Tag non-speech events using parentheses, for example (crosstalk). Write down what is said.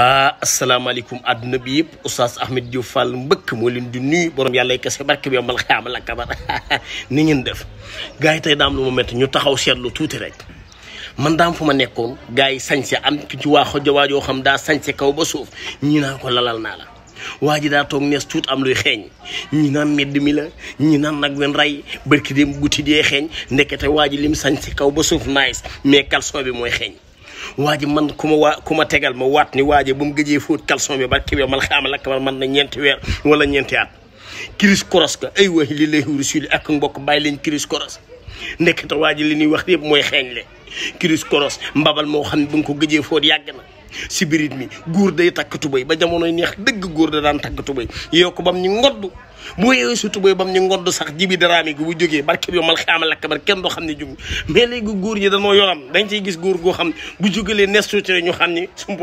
ah asalaamaaleykum àdduna bi yëpp oustaz Ahmed Diop mbëkk moo leen di nuyu borom yàlla yi kese barke bi yombal xiyaamal ak kabar (laughs) ni ngeen def gars yi tey lu mu métti ñu taxaw seetlu tuuti rek man daam fu ma nekkoon gars yi sañse am ki ci waa xojowaa yoo xam daa sañse kaw ba suuf ñii naa ko lalal naa la waa ji daa toog nees tuut am luy xeeñ ñi naan medd mi la ñi naan nag wen rey bërki dem guti dee xeeñ ndekete waa ji lim sañse kaw ba suuf nice mais caleçon bi mooy xeeñ waa man ku ma ku ma tegal ma waat ni waa ji bu mu gëjee fóot caleçon bi ba kii man xaamal ak man na ñeenti weer wala ñeenti at. kiris koros ka ay waay li lay rusul ak mbokk bàyyi leen kiris koros ndekete waa ji li ñuy wax yëpp mooy xeeñle kiris koros mbabal moo xam ne ba nga ko gëjee foot yàgg na si birit mi góor day takk tubéy ba jamonoy neex dëgg góor da daan takk tubéy yow ko bam ñu ngodd boo su sa ba bam ñu ngodd sax jibi daraami gi bu jógee barke bi yow mal xaama lakk bar kenn doo xam ne jóg mais léegi góor yi danoo yoram dañ ciy gis góor goo xam bu jógalee nestuté ñu xam ni sump